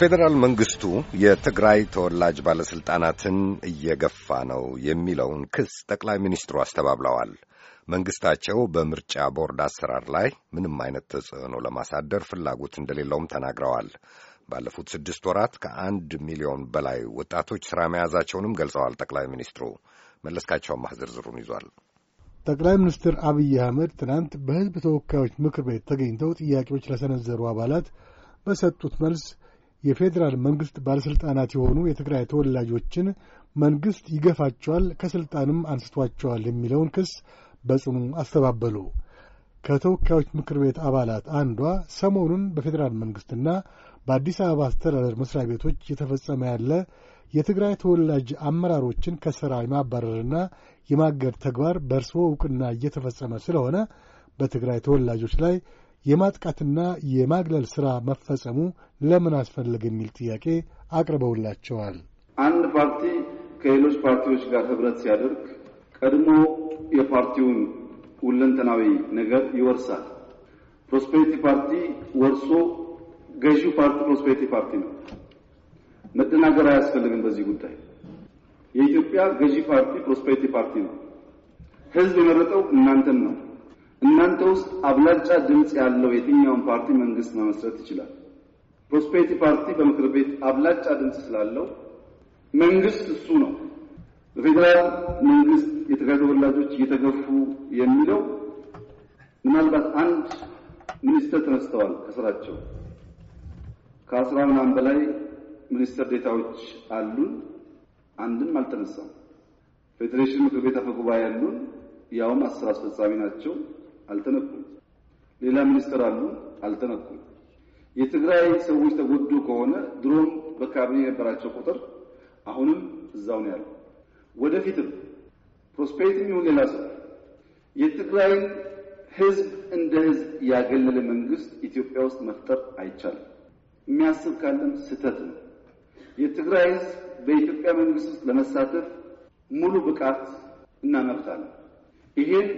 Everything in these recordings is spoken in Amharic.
ፌዴራል መንግስቱ የትግራይ ተወላጅ ባለሥልጣናትን እየገፋ ነው የሚለውን ክስ ጠቅላይ ሚኒስትሩ አስተባብለዋል። መንግስታቸው በምርጫ ቦርድ አሰራር ላይ ምንም አይነት ተጽዕኖ ለማሳደር ፍላጎት እንደሌለውም ተናግረዋል። ባለፉት ስድስት ወራት ከአንድ ሚሊዮን በላይ ወጣቶች ሥራ መያዛቸውንም ገልጸዋል። ጠቅላይ ሚኒስትሩ መለስካቸው ማህ ዝርዝሩን ይዟል። ጠቅላይ ሚኒስትር አብይ አህመድ ትናንት በሕዝብ ተወካዮች ምክር ቤት ተገኝተው ጥያቄዎች ለሰነዘሩ አባላት በሰጡት መልስ የፌዴራል መንግሥት ባለሥልጣናት የሆኑ የትግራይ ተወላጆችን መንግሥት ይገፋቸዋል፣ ከሥልጣንም አንስቷቸዋል የሚለውን ክስ በጽኑ አስተባበሉ። ከተወካዮች ምክር ቤት አባላት አንዷ ሰሞኑን በፌዴራል መንግሥትና በአዲስ አበባ አስተዳደር መሥሪያ ቤቶች እየተፈጸመ ያለ የትግራይ ተወላጅ አመራሮችን ከሥራ የማባረርና የማገድ ተግባር በእርስዎ ዕውቅና እየተፈጸመ ስለሆነ በትግራይ ተወላጆች ላይ የማጥቃትና የማግለል ሥራ መፈጸሙ ለምን አስፈለገ የሚል ጥያቄ አቅርበውላቸዋል። አንድ ፓርቲ ከሌሎች ፓርቲዎች ጋር ህብረት ሲያደርግ ቀድሞ የፓርቲውን ሁለንተናዊ ነገር ይወርሳል። ፕሮስፔሪቲ ፓርቲ ወርሶ ገዢው ፓርቲ ፕሮስፔሪቲ ፓርቲ ነው። መደናገር አያስፈልግም። በዚህ ጉዳይ የኢትዮጵያ ገዢ ፓርቲ ፕሮስፔሪቲ ፓርቲ ነው። ህዝብ የመረጠው እናንተን ነው። እናንተ ውስጥ አብላጫ ድምፅ ያለው የትኛውን ፓርቲ መንግስት መመስረት ይችላል። ፕሮስፔሪቲ ፓርቲ በምክር ቤት አብላጫ ድምፅ ስላለው መንግስት እሱ ነው። በፌዴራል መንግስት የትግራይ ተወላጆች እየተገፉ የሚለው ምናልባት አንድ ሚኒስተር ተነስተዋል ከስራቸው ከአስራ ምናምን በላይ ሚኒስተር ዴታዎች አሉን። አንድም አልተነሳም። ፌዴሬሽን ምክር ቤት አፈ ጉባኤ ያሉን ያውም አስር አስፈጻሚ ናቸው። አልተነኩም። ሌላ ሚኒስትር አሉ፣ አልተነኩም። የትግራይ ሰዎች ተጎዱ ከሆነ ድሮም በካቢኔ የነበራቸው ቁጥር አሁንም እዛው ነው ያለው። ወደፊትም ፕሮስፔሪቲ የሚሆን ሌላ ሰው የትግራይን ህዝብ እንደ ህዝብ ያገለለ መንግስት ኢትዮጵያ ውስጥ መፍጠር አይቻልም። የሚያስብ ካለም ስህተት ነው። የትግራይ ህዝብ በኢትዮጵያ መንግስት ውስጥ ለመሳተፍ ሙሉ ብቃት እና መብት ይሄን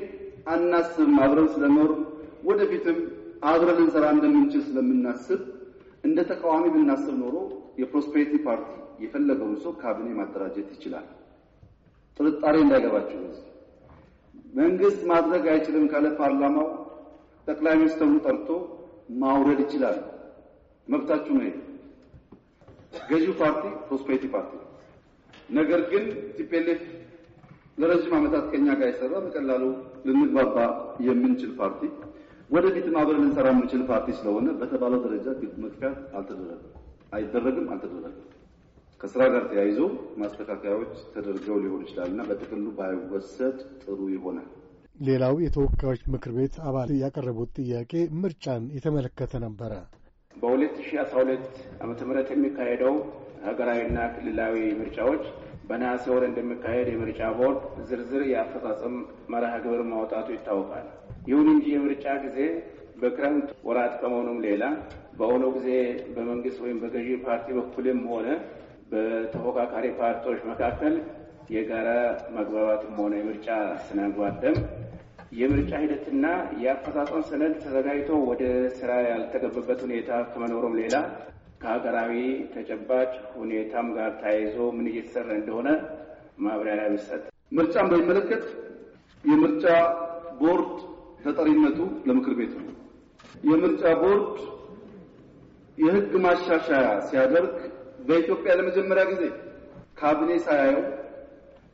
አናስብም። አብረን ስለኖር ወደፊትም አብረን ልንሰራ እንደምንችል ስለምናስብ እንደ ተቃዋሚ ብናስብ ኖሮ የፕሮስፔሪቲ ፓርቲ የፈለገውን ሰው ካቢኔ ማደራጀት ይችላል። ጥርጣሬ እንዳይገባችሁ ነው። መንግስት ማድረግ አይችልም ካለ ፓርላማው ጠቅላይ ሚኒስትሩ ጠርቶ ማውረድ ይችላል። መብታችሁ ነው። ገዢው ፓርቲ ፕሮስፔሪቲ ፓርቲ ነገር ግን ቲፒኤልኤፍ ለረዥም ዓመታት ከኛ ጋር የሰራ በቀላሉ ልንግባባ የምንችል ፓርቲ ወደፊትም አብረን ልንሰራ የምንችል ፓርቲ ስለሆነ በተባለው ደረጃ መጥፊያት አልተደረገም፣ አይደረግም፣ አልተደረገም። ከስራ ጋር ተያይዞ ማስተካከያዎች ተደርገው ሊሆን ይችላልና በጥቅሉ ባይወሰድ ጥሩ ይሆናል። ሌላው የተወካዮች ምክር ቤት አባል ያቀረቡት ጥያቄ ምርጫን የተመለከተ ነበረ። በ2012 ዓ ም የሚካሄደው ሀገራዊና ክልላዊ ምርጫዎች በነሐሴ ወር እንደሚካሄድ የምርጫ ቦርድ ዝርዝር የአፈጻጸም መርሃ ግብር ማውጣቱ ይታወቃል። ይሁን እንጂ የምርጫ ጊዜ በክረምት ወራት ከመሆኑም ሌላ በአሁኑ ጊዜ በመንግስት ወይም በገዢ ፓርቲ በኩልም ሆነ በተፎካካሪ ፓርቲዎች መካከል የጋራ መግባባትም ሆነ የምርጫ ስነጓደም የምርጫ ሂደትና የአፈጻጸም ሰነድ ተዘጋጅቶ ወደ ስራ ያልተገበበት ሁኔታ ከመኖሩም ሌላ ከሀገራዊ ተጨባጭ ሁኔታም ጋር ተያይዞ ምን እየተሰራ እንደሆነ ማብራሪያ ቢሰጥ። ምርጫን በሚመለከት የምርጫ ቦርድ ተጠሪነቱ ለምክር ቤት ነው። የምርጫ ቦርድ የሕግ ማሻሻያ ሲያደርግ በኢትዮጵያ ለመጀመሪያ ጊዜ ካቢኔ ሳያየው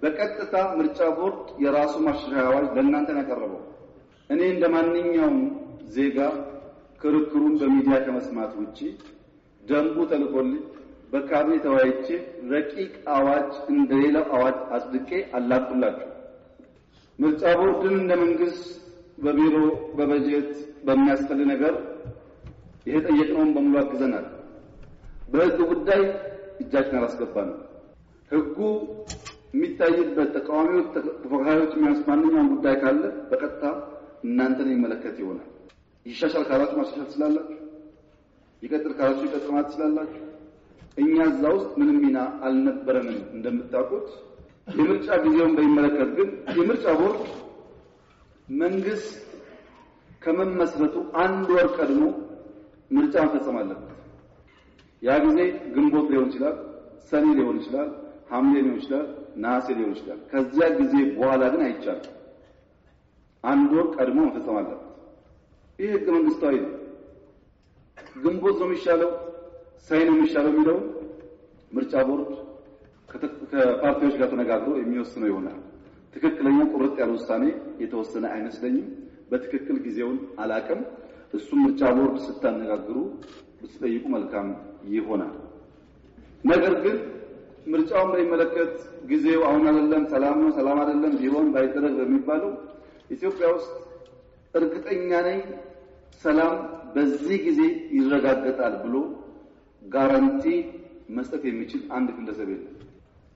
በቀጥታ ምርጫ ቦርድ የራሱ ማሻሻያ አዋጅ ለእናንተ ነው ያቀረበው። እኔ እንደ ማንኛውም ዜጋ ክርክሩን በሚዲያ ከመስማት ውጪ ደንቡ ተልኮልኝ በካቢኔ ተወያይቼ ረቂቅ አዋጅ እንደሌላው አዋጅ አጽድቄ አላቁላችሁ። ምርጫ ቦርድን እንደ መንግስት በቢሮ በበጀት በሚያስፈል ነገር ይሄ ጠየቅነውን በሙሉ አግዘናል። በህግ ጉዳይ እጃችን ነው። ህጉ የሚታይበት ተቃዋሚዎች፣ ተፎካካሪዎች የሚያንስ ማንኛውም ጉዳይ ካለ በቀጥታ እናንተን ይመለከት ይሆናል። ይሻሻል ካላችሁ ማሻሻል ስላላችሁ ይቀጥል ካላችሁ ይቀጥል ማለት ትችላላችሁ። እኛ እዛ ውስጥ ምንም ሚና አልነበረንም እንደምታውቁት። የምርጫ ጊዜውን በሚመለከት ግን የምርጫ ቦርድ መንግስት ከመመስረቱ አንድ ወር ቀድሞ ምርጫ መፈጸም አለበት። ያ ጊዜ ግንቦት ሊሆን ይችላል፣ ሰኔ ሊሆን ይችላል፣ ሐምሌ ሊሆን ይችላል፣ ነሐሴ ሊሆን ይችላል። ከዚያ ጊዜ በኋላ ግን አይቻልም። አንድ ወር ቀድሞ መፈጸም አለበት። ይህ ህገ መንግስታዊ ነው። ግንቦት ነው የሚሻለው ሳይ ነው የሚሻለው የሚለው ምርጫ ቦርድ ከፓርቲዎች ጋር ተነጋግሮ የሚወስነው ይሆናል። ትክክለኛ ቁርጥ ያለ ውሳኔ የተወሰነ አይመስለኝም። በትክክል ጊዜውን አላቅም። እሱም ምርጫ ቦርድ ስታነጋግሩ ብትጠይቁ መልካም ይሆናል። ነገር ግን ምርጫውን በሚመለከት ጊዜው አሁን አይደለም፣ ሰላም ነው፣ ሰላም አይደለም፣ ቢሆን ባይደረግ በሚባለው ኢትዮጵያ ውስጥ እርግጠኛ ነኝ ሰላም በዚህ ጊዜ ይረጋገጣል ብሎ ጋራንቲ መስጠት የሚችል አንድ ግለሰብ የለም።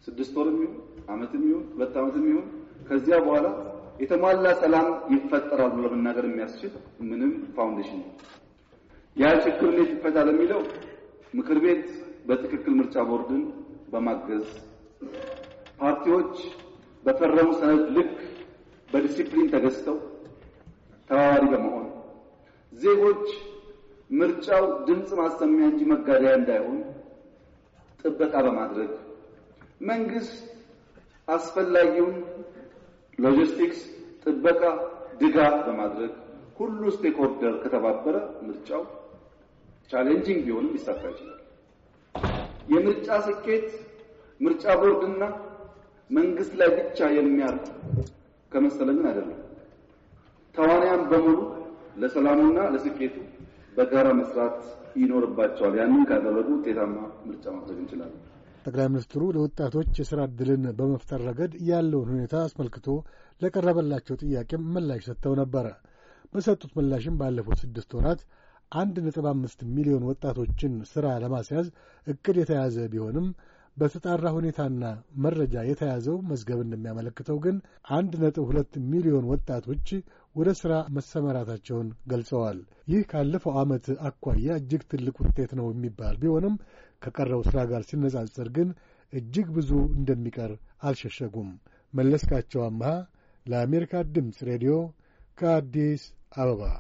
ስድስት ወርም ይሁን አመትም ይሁን ሁለት ዓመትም ይሁን ከዚያ በኋላ የተሟላ ሰላም ይፈጠራል ብሎ መናገር የሚያስችል ምንም ፋውንዴሽን ነው። ያ ችግር እንዴት ይፈታል የሚለው ምክር ቤት በትክክል ምርጫ ቦርድን በማገዝ ፓርቲዎች በፈረሙ ሰነድ ልክ በዲሲፕሊን ተገዝተው ተባባሪ በመሆን ዜጎች ምርጫው ድምፅ ማሰሚያ እንጂ መጋደያ እንዳይሆን ጥበቃ በማድረግ መንግስት አስፈላጊውን ሎጂስቲክስ፣ ጥበቃ፣ ድጋፍ በማድረግ ሁሉ ስቴክሆልደር ከተባበረ ምርጫው ቻሌንጂንግ ቢሆንም ሊሳካ ይችላል። የምርጫ ስኬት ምርጫ ቦርድና መንግስት ላይ ብቻ የሚያርፍ ከመሰለምን አይደለም። ተዋንያን በሙሉ ለሰላሙና ለስኬቱ በጋራ መስራት ይኖርባቸዋል። ያንን ካደረጉ ውጤታማ ምርጫ ማድረግ እንችላለን። ጠቅላይ ሚኒስትሩ ለወጣቶች የስራ እድልን በመፍጠር ረገድ ያለውን ሁኔታ አስመልክቶ ለቀረበላቸው ጥያቄም ምላሽ ሰጥተው ነበረ። በሰጡት ምላሽም ባለፉት ስድስት ወራት አንድ ነጥብ አምስት ሚሊዮን ወጣቶችን ስራ ለማስያዝ እቅድ የተያዘ ቢሆንም በተጣራ ሁኔታና መረጃ የተያዘው መዝገብ እንደሚያመለክተው ግን አንድ ነጥብ ሁለት ሚሊዮን ወጣቶች ወደ ሥራ መሰማራታቸውን ገልጸዋል። ይህ ካለፈው ዓመት አኳያ እጅግ ትልቅ ውጤት ነው የሚባል ቢሆንም ከቀረው ሥራ ጋር ሲነጻጸር ግን እጅግ ብዙ እንደሚቀር አልሸሸጉም። መለስካቸው አምሃ ለአሜሪካ ድምፅ ሬዲዮ ከአዲስ አበባ